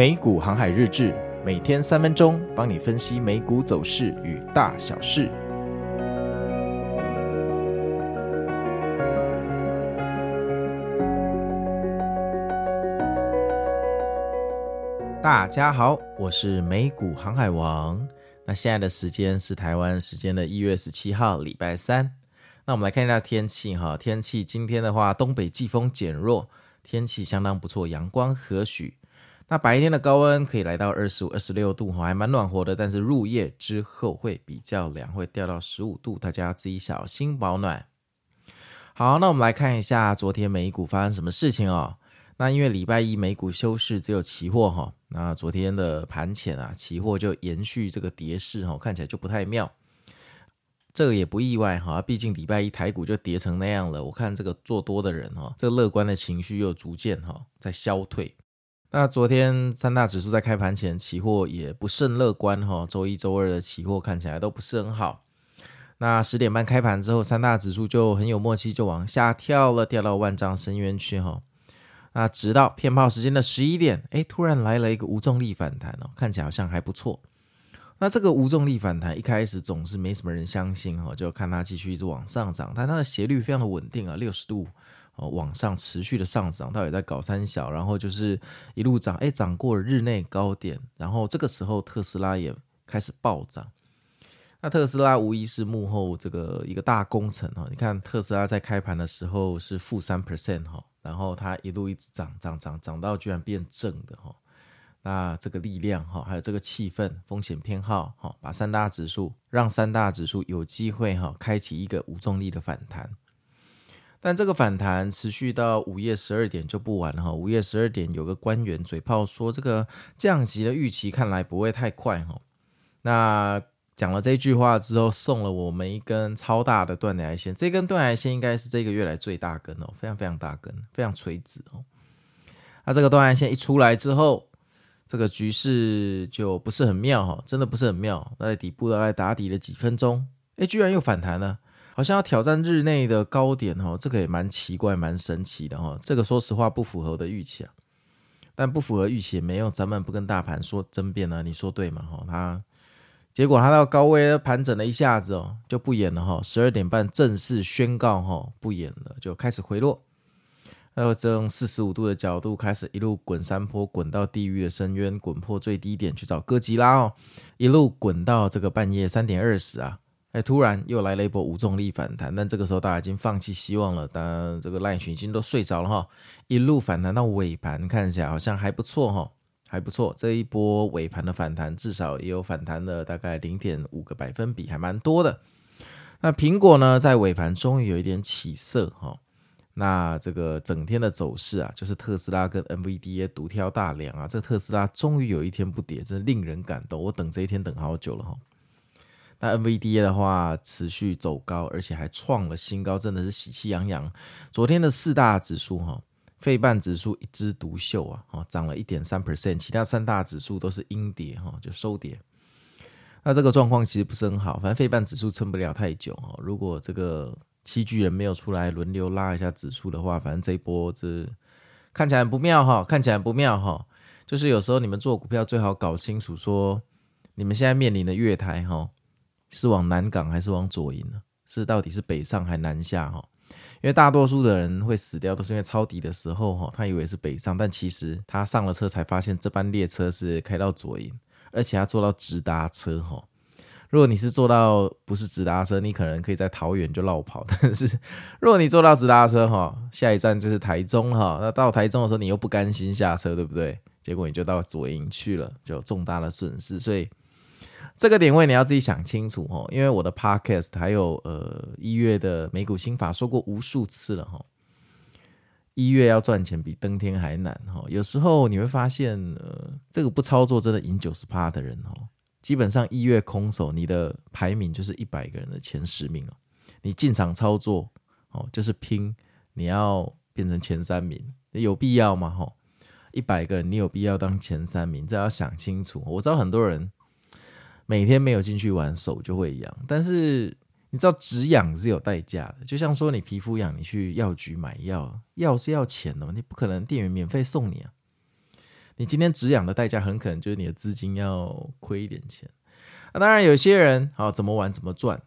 美股航海日誌，每天三分鐘，幫你分析美股走勢與大小事。大家好，我是美股航海王。那現在的時間是台灣時間的一月十七號，禮拜三。那我們來看一下天氣哈，天氣今天的話，東北季風減弱，天氣相當不錯，陽光和煦。那白天的高溫可以來到二十五、二十六度哈，還蠻暖和的。但是入夜之後會比較涼，會掉到十五度，大家自己小心保暖。好，那我們來看一下昨天美股發生什麼事情哦。那因為禮拜一美股休市，只有期貨哈。那昨天的盤前啊，期貨就延續這個跌勢哈，看起來就不太妙。這個也不意外哈，畢竟禮拜一台股就跌成那樣了。我看這個做多的人哈，這樂觀的情緒又逐漸哈在消退。那昨天三大指數在開盤前，期貨也不甚樂觀哈、哦。周一周二的期貨看起來都不是很好。那十點半開盤之後，三大指數就很有默契，就往下跳了，掉到萬丈深淵去哈、哦。那直到騙炮時間的十一點，哎，突然來了一個無重力反彈哦，看起來好像還不錯。那這個無重力反彈一開始總是沒什麼人相信哈、哦，就看它繼續一直往上漲，但它的斜率非常的穩定啊，六十度。哦，往上持續的上漲，到底在搞三小，然後就是一路漲，哎，漲過了日內高點，然後這個時候特斯拉也開始暴漲。那特斯拉無疑是幕後這個一個大功臣哈，你看特斯拉在開盤的時候是負三 percent 哈，然後它一路一直漲漲漲漲到居然變正的哈，那這個力量哈，還有這個氣氛、風險偏好哈，把三大指數讓三大指數有機會哈，開啟一個無重力的反彈。但這個反彈持續到午夜十二點就不玩了哈。午夜十二點有個官員嘴炮說，這個降級的預期看來不會太快哈、哦。那講了這句話之後，送了我們一根超大的斷崖線，這根斷崖線應該是這個月來最大根哦，非常非常大根，非常垂直哦。那這個斷崖線一出來之後，這個局勢就不是很妙哈、哦，真的不是很妙。那在底部大概打底了幾分鐘，誒，居然又反彈了。好像要挑戰日內的高點哈，這個也蠻奇怪，蠻神奇的哈。這個說實話不符合我的預期啊，但不符合預期也沒用，咱們不跟大盤說爭辯了、啊、你說對嗎？哈，結果它到高位盤整了一下子哦，就不演了哈。十二點半正式宣告哈，不演了，就開始回落。然後這用四十五度的角度開始一路滾山坡，滾到地獄的深淵，滾破最低點去找哥吉拉哦，一路滾到這個半夜三點二十啊。哎，突然又來了一波無重力反彈，但這個時候大家已經放棄希望了，但這個賴群已經都睡着了哈。一路反彈到尾盤，看一下好像還不錯哈，還不錯。這一波尾盤的反彈至少也有反彈了大概零點五個百分比，還蠻多的。那蘋果呢，在尾盤終於有一點起色哈。那這個整天的走勢啊，就是特斯拉跟 NVDA 獨挑大樑啊。這個特斯拉終於有一天不跌，真的令人感動。我等這一天等好久了哈。那 NVDA 的話持續走高，而且還創了新高，真的是喜氣洋洋。昨天的四大指數哈，費半指數一枝獨秀啊，哈漲了一點三 percent，其他三大指數都是陰跌哈，就收跌。那這個狀況其實不是很好，反正費半指數撐不了太久哈。如果這個七巨人沒有出來輪流拉一下指數的話，反正這一波這看起來不妙哈，看起來很不妙哈。就是有時候你們做股票最好搞清楚說，你們現在面臨的月台哈。是往南港還是往左營呢？是到底是北上還是南下哈？因為大多數的人會死掉，都是因為抄底的時候哈，他以為是北上，但其實他上了車才發現這班列車是開到左營，而且他坐到直達車哈。如果你是坐到不是直達車，你可能可以在桃園就落跑。但是如果你坐到直達車哈，下一站就是台中哈，那到台中的時候你又不甘心下車，對不對？結果你就到左營去了，就有重大的損失，所以。這個點位你要自己想清楚哦，因為我的 podcast 還有呃一月的美股心法說過無數次了吼，一月要賺錢比登天還難哈，有時候你會發現，呃，這個不操作真的贏九十趴的人哦，基本上一月空手你的排名就是一百個人的前十名你進場操作哦，就是拼你要變成前三名，有必要嗎？吼，一百個人你有必要當前三名，這要想清楚。我知道很多人。每天沒有進去玩，手就會癢。但是你知道止癢是有代價的，就像說你皮膚癢，你去藥局買藥，藥是要錢的嘛，你不可能店員免費送你啊。你今天止癢的代價，很可能就是你的資金要虧一點錢。那、啊、當然有些人啊、哦，怎麼玩怎麼賺，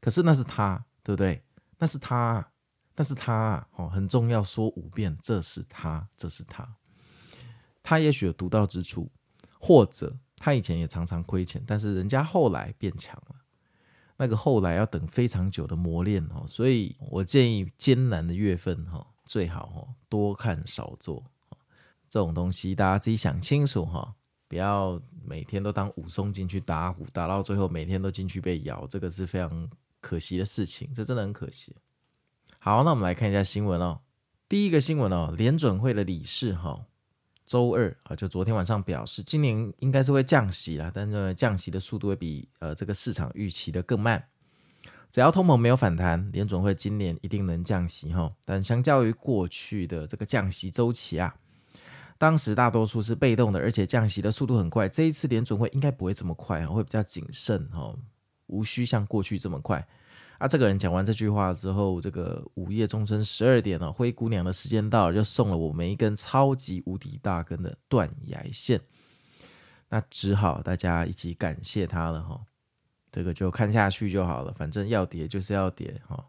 可是那是他，對不對？那是他，那是他，哦，很重要，說五遍，這是他，這是他，他也許有獨到之處，或者。他以前也常常虧錢，但是人家後來變強了。那個後來要等非常久的磨練哦，所以我建議艱難的月份哈，最好哦，多看少做，這種東西大家自己想清楚哈，不要每天都當武松進去打虎，打到最後每天都進去被咬，這個是非常可惜的事情，這真的很可惜。好，那我們來看一下新聞哦。第一個新聞哦，聯準會的理事哦。週二啊，就昨天晚上表示，今年應該是會降息了，但是降息的速度會比呃這個市場預期的更慢。只要通膨沒有反彈，聯準會今年一定能降息哈。但相較於過去的這個降息週期啊，當時大多數是被動的，而且降息的速度很快。這一次聯準會應該不會這麼快，會比較謹慎哈，無需像過去這麼快。他、啊、這個人講完這句話之後，這個午夜鐘聲十二點了，灰姑娘的時間到了，就送了我們一根超級無敵大根的斷崖線。那只好大家一起感謝他了哈。這個就看下去就好了，反正要跌就是要跌哈，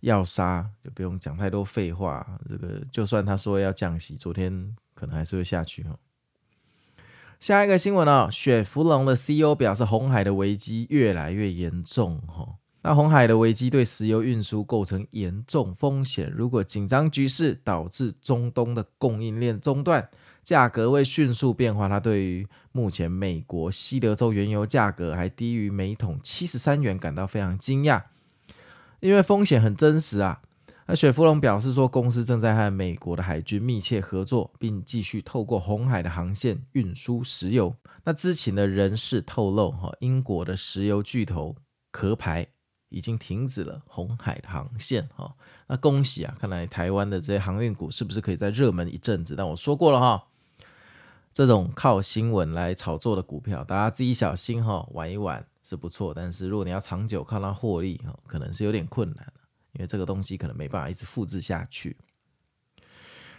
要殺就不用講太多廢話。這個就算他說要降息，昨天可能還是會下去哈。下一個新聞哦，雪佛龍的 CEO 表示，紅海的危機越來越嚴重哈。那紅海的危機對石油運輸構成嚴重風險。如果緊張局勢導致中東的供應鏈中斷，價格會迅速變化，他對於目前美國西德州原油價格還低於每桶七十三元感到非常驚訝，因為風險很真實啊。那雪佛龍表示說，公司正在和美國的海軍密切合作，並繼續透過紅海的航線運輸石油。那知情的人士透露，哈英國的石油巨頭殼牌。已經停止了紅海航線哈，那恭喜啊！看來台灣的這些航運股是不是可以再熱門一陣子？但我說過了哈、哦，這種靠新聞來炒作的股票，大家自己小心哈、哦。玩一玩是不錯，但是如果你要長久看它獲利，可能是有點困難，因為這個東西可能沒辦法一直複製下去。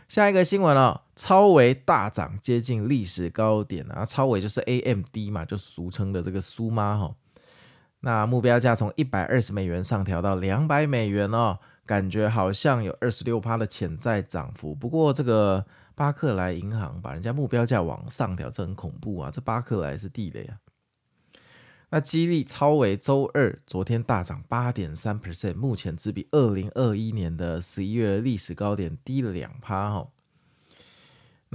下一個新聞啊、哦，超微大漲接近歷史高點啊！超微就是 AMD 嘛，就俗稱的這個蘇媽哈、哦。那目標價從一百二十美元上調到兩百美元哦，感覺好像有二十六趴的潛在漲幅。不過這個巴克萊銀行把人家目標價往上調，這很恐怖啊！這巴克萊是地雷啊！那基立超微周二昨天大漲八點三 percent，目前只比二零二一年的十一月的歷史高點低了兩趴哈。哦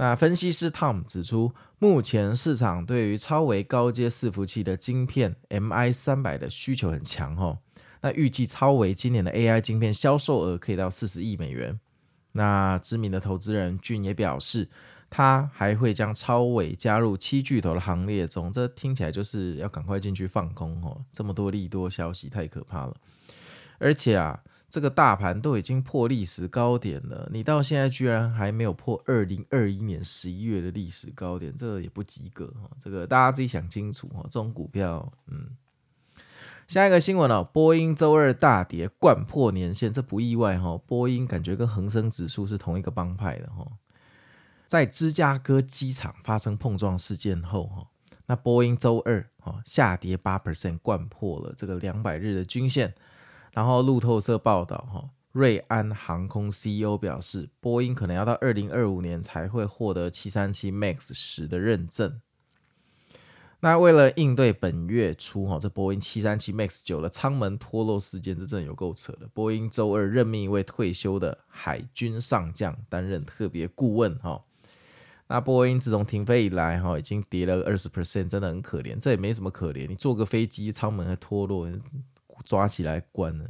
那分析師 Tom 指出，目前市場對於超微高階伺服器的晶片 MI 三百的需求很強哦。那預計超微今年的 AI 晶片銷售額可以到四十億美元。那知名的投資人俊也表示，他還會將超微加入七巨頭的行列中。這聽起來就是要趕快進去放空哦，這麼多利多消息太可怕了。而且啊。這個大盤都已經破歷史高點了，你到現在居然還沒有破二零二一年十一月的歷史高點，這個也不及格哈！這個大家自己想清楚哈。這種股票，嗯，下一個新聞哦，波音周二大跌，冠破年線，這不意外哈。波音感覺跟恆生指數是同一個幫派的哈。在芝加哥機場發生碰撞事件後哈，那波音周二啊下跌八 percent，冠破了這個兩百日的均線。然後路透社報道，哈，瑞安航空 CEO 表示，波音可能要到二零二五年才會獲得七三七 MAX 十的認證。那為了應對本月初哈這波音七三七 MAX 九的艙門脫落事件，這真的有夠扯的。波音周二任命一位退休的海軍上將擔任特別顧問，哈。那波音自從停飛以來，哈已經跌了二十 percent，真的很可憐。這也沒什麼可憐，你坐個飛機艙門還脫落，抓起來關了。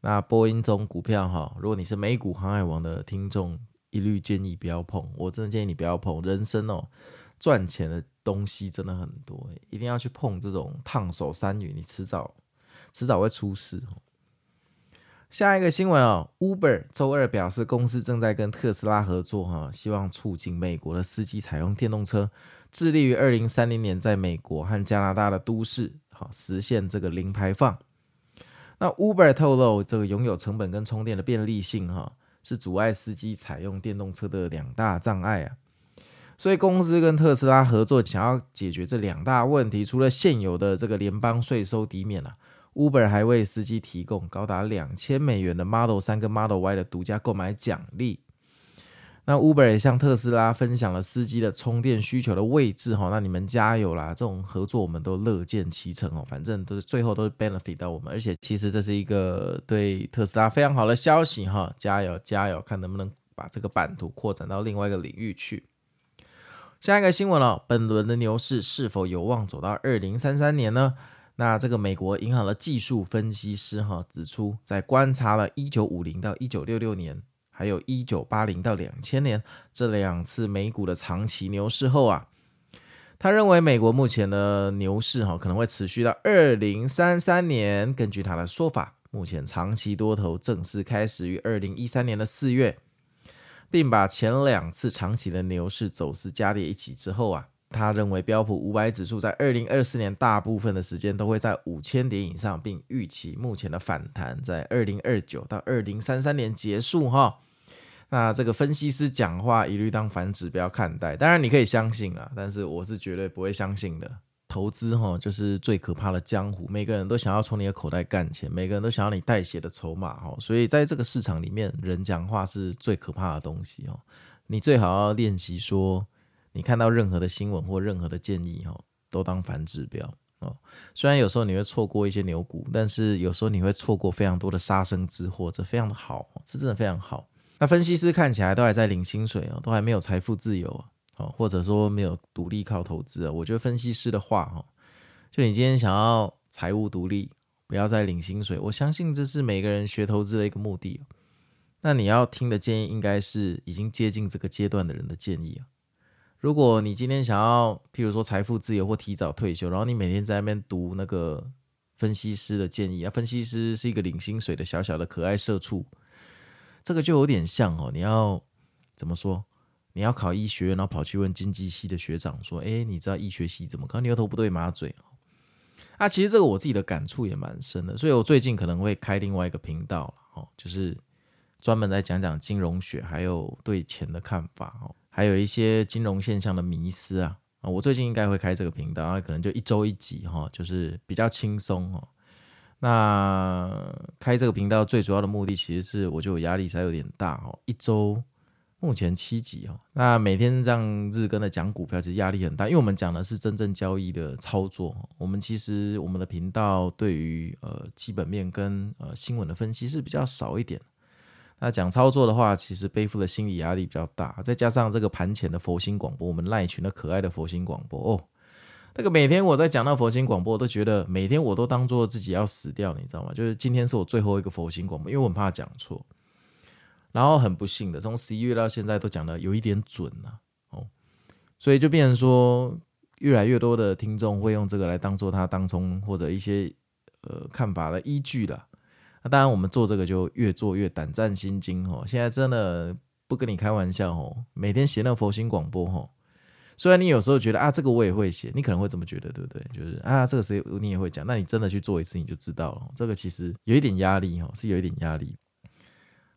那波音中股票哈，如果你是美股航海王的聽眾，一律建議不要碰。我真的建議你不要碰，人生哦，賺錢的東西真的很多，一定要去碰這種燙手山芋，你遲早遲早會出事。下一個新聞哦，Uber 周二表示，公司正在跟特斯拉合作哈，希望促進美國的司機採用電動車，致力於二零三零年在美國和加拿大的都市。好，實現這個零排放。那 Uber 透露，這個擁有成本跟充電的便利性，哈，是阻礙司機採用電動車的兩大障礙啊。所以，公司跟特斯拉合作，想要解決這兩大問題。除了現有的這個聯邦稅收抵免啊，Uber 還為司機提供高達兩千美元的 Model 三跟 Model Y 的獨家購買獎勵。那 Uber 也向特斯拉分享了司機的充電需求的位置哈，那你們加油啦！這種合作我們都樂見其成哦，反正都是最後都是 benefit 到我們，而且其實這是一個對特斯拉非常好的消息哈，加油加油，看能不能把這個版圖擴展到另外一個領域去。下一個新聞了，本輪的牛市是否有望走到二零三三年呢？那這個美國銀行的技術分析師哈指出，在觀察了一九五零到一九六六年。還有一九八零到兩千年這兩次美股的長期牛市後啊，他認為美國目前的牛市哈可能會持續到二零三三年。根據他的說法，目前長期多頭正式開始於二零一三年的四月，並把前兩次長期的牛市走勢加在一起之後啊，他認為標普五百指數在二零二四年大部分的時間都會在五千點以上，並預期目前的反彈在二零二九到二零三三年結束哈。那這個分析師講話一律當反指標看待，當然你可以相信啦，但是我是絕對不會相信的。投資哈、哦、就是最可怕的江湖，每個人都想要從你的口袋幹錢，每個人都想要你帶血的籌碼哈、哦，所以在這個市場裡面，人講話是最可怕的東西哦。你最好要練習說，你看到任何的新聞或任何的建議哈、哦，都當反指標哦。雖然有時候你會錯過一些牛股，但是有時候你會錯過非常多的殺身之禍，這非常的好，這真的非常好。那分析師看起來都還在領薪水哦，都還沒有財富自由哦、啊，或者說沒有獨立靠投資啊。我覺得分析師的話，哈，就你今天想要財務獨立，不要再領薪水，我相信這是每個人學投資的一個目的。那你要聽的建議，應該是已經接近這個階段的人的建議啊。如果你今天想要，譬如說財富自由或提早退休，然後你每天在那邊讀那個分析師的建議啊，分析師是一個領薪水的小小的可愛社畜。這個就有點像哦，你要怎麼說？你要考醫學院，然後跑去問經濟系的學長說：“哎，你知道醫學系怎麼考？”牛頭不對馬嘴啊！其實這個我自己的感觸也蠻深的，所以我最近可能會開另外一個頻道了哦，就是專門來講講金融學，還有對錢的看法哦，還有一些金融現象的迷思啊。我最近應該會開這個頻道，啊，可能就一周一集哈，就是比較輕鬆哦。那開這個頻道最主要的目的，其實是我覺得我壓力才有點大哦。一周目前七集哦，那每天這樣日更的講股票，其實壓力很大。因為我們講的是真正交易的操作，我們其實我們的頻道對於呃基本面跟呃新聞的分析是比較少一點。那講操作的話，其實背負的心理壓力比較大，再加上這個盤前的佛心廣播，我們賴群的可愛的佛心廣播哦、oh。這個每天我在講那佛心廣播，我都覺得每天我都當做自己要死掉，你知道嗎？就是今天是我最後一個佛心廣播，因為我很怕講錯。然後很不幸的，從十一月到現在都講得有一點準了、啊、哦，所以就變成說越來越多的聽眾會用這個來當做他當中或者一些呃看法的依據了。那、啊、當然，我們做這個就越做越膽戰心驚哦。現在真的不跟你開玩笑哦，每天寫那佛心廣播雖然你有時候覺得啊，這個我也會寫，你可能會這麼覺得，對不對？就是啊，這個誰你也會講，那你真的去做一次你就知道了。這個其實有一點壓力哈，是有一點壓力。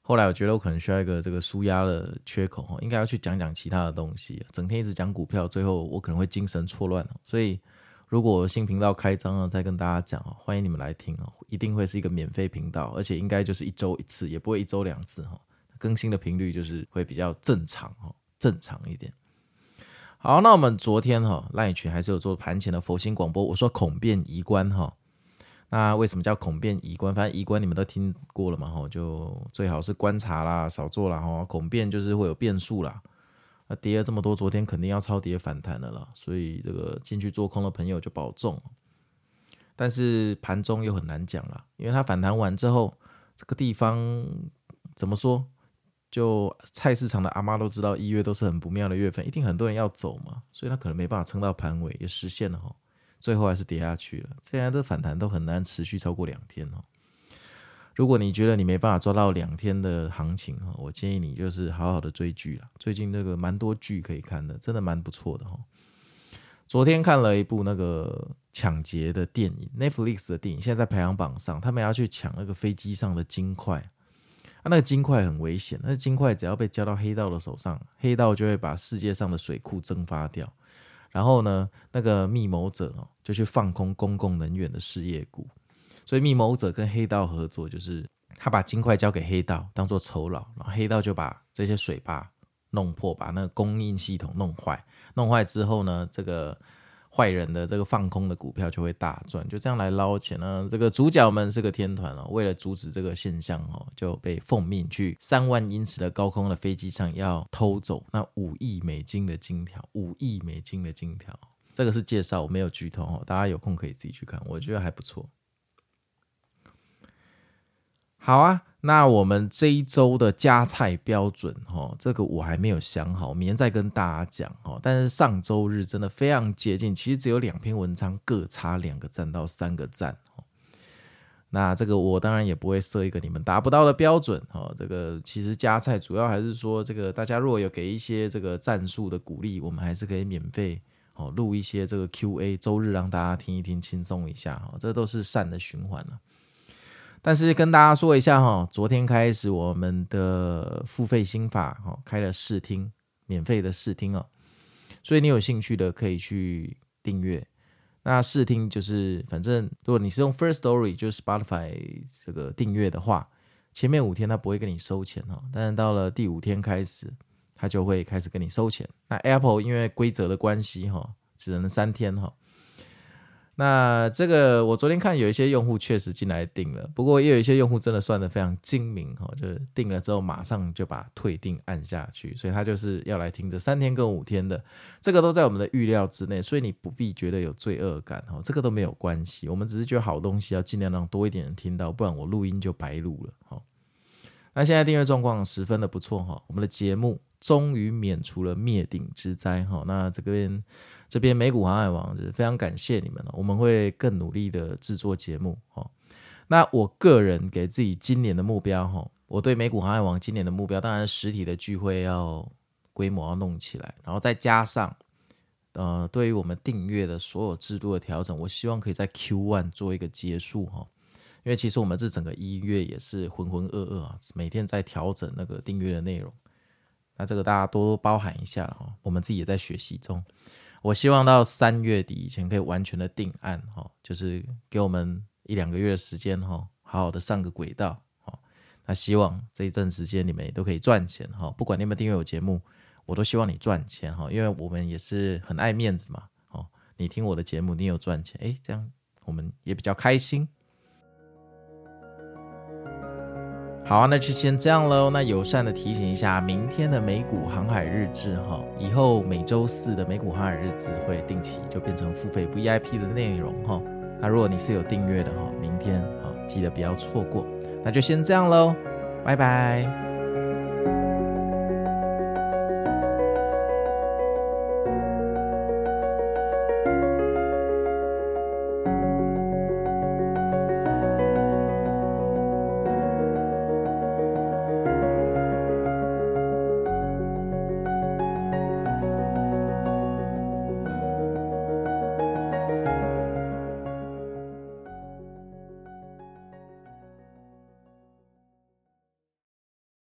後來我覺得我可能需要一個這個紓壓的缺口哈，應該要去講講其他的東西。整天一直講股票，最後我可能會精神錯亂。所以如果新頻道開張了，再跟大家講哦，歡迎你們來聽哦，一定會是一個免費頻道，而且應該就是一周一次，也不會一周兩次哈，更新的頻率就是會比較正常哈，正常一點。好，那我們昨天哈、哦、LINE 群還是有做盤前的佛心廣播。我說恐變宜觀哈、哦，那為什麼叫恐變宜觀？反正宜觀你們都聽過了嘛，哈，就最好是觀察啦，少做啦哈。恐變就是會有變數啦。那跌了這麼多，昨天肯定要超跌反彈的了，所以這個進去做空的朋友就保重。但是盤中又很難講了，因為它反彈完之後，這個地方怎麼說？就菜市場的阿媽都知道，一月都是很不妙的月份，一定很多人要走嘛，所以他可能沒辦法撐到盤尾也實現了哈，最後還是跌下去了。現在的反彈都很難持續超過兩天哦。如果你覺得你沒辦法抓到兩天的行情哈，我建議你就是好好的追劇啦。最近那個蠻多劇可以看的，真的蠻不錯的哈。昨天看了一部那個搶劫的電影，Netflix 的電影，現在在排行榜上，他們要去搶那個飛機上的金塊。那、啊、那個金塊很危險，那金塊只要被交到黑道的手上，黑道就會把世界上的水庫蒸發掉。然後呢，那個密謀者哦，就去放空公共能源的事業股。所以密謀者跟黑道合作，就是他把金塊交給黑道當做酬勞，然後黑道就把這些水壩弄破，把那個供應系統弄壞。弄壞之後呢，這個。壞人的這個放空的股票就會大賺，就這樣來撈錢呢、啊。這個主角們是個天團哦，為了阻止這個現象哦，就被奉命去三萬英尺的高空的飛機上要偷走那五億美金的金條。五億美金的金條，這個是介紹，我沒有劇透哦，大家有空可以自己去看，我覺得還不錯。好啊。那我們這一周的加菜標準哦,這個我還沒有想好，明天再跟大家講哦。但是上周日真的非常接近，其實只有兩篇文章各差兩個讚到三個讚。那這個我當然也不會設一個你們達不到的標準哦。這個其實加菜主要還是說，這個大家如果有給一些這個讚數的鼓勵，我們還是可以免費哦錄一些這個 Q&A，周日讓大家聽一聽，輕鬆一下哦。這都是善的循環啊。但是跟大家說一下哈，昨天開始我們的付費心法哈開了試聽，免費的試聽哦，所以你有興趣的可以去訂閱。那試聽就是，反正如果你是用 Firstory 就是 Spotify 這個訂閱的話，前面五天他不會跟你收錢哈，但是到了第五天開始，他就會開始跟你收錢。那 Apple 因為規則的關係哈，只能三天哈。那這個，我昨天看有一些用戶確實進來訂了，不過也有一些用戶真的算得非常精明哈、哦，就是訂了之後馬上就把退訂按下去，所以他就是要來聽這三天跟五天的，這個都在我們的預料之內，所以你不必覺得有罪惡感哈、哦，這個都沒有關係，我們只是覺得好東西要盡量讓多一點人聽到，不然我錄音就白錄了，哈、哦。那現在訂閱狀況十分的不錯哈、哦，我們的節目終於免除了滅頂之災哈、哦。那這邊這邊美股航海王就是非常感謝你們了，我們會更努力的製作節目哈、哦。那我個人給自己今年的目標哈、哦，我對美股航海王今年的目標，當然實體的聚會要規模要弄起來，然後再加上呃，對於我們訂閱的所有制度的調整，我希望可以在 Q1 做一個結束哈、哦。因為其實我們這整個一月也是渾渾噩噩啊，每天在調整那個訂閱的內容。那這個大家多多包涵一下了哈。我們自己也在學習中。我希望到三月底以前可以完全的定案哈，就是給我們一兩個月的時間哈，好好的上個軌道哈。那希望這一段時間你們也都可以賺錢哈。不管你們訂閱我節目，我都希望你賺錢哈，因為我們也是很愛面子嘛。哦，你聽我的節目，你有賺錢，誒，這樣我們也比較開心。好，那就先這樣嘍。那友善的提醒一下，明天的美股航海日誌哈，以後每周四的美股航海日誌會定期就變成付費 VIP 的內容哈。那如果你是有訂閱的哈，明天啊記得不要錯過。那就先這樣嘍，拜拜。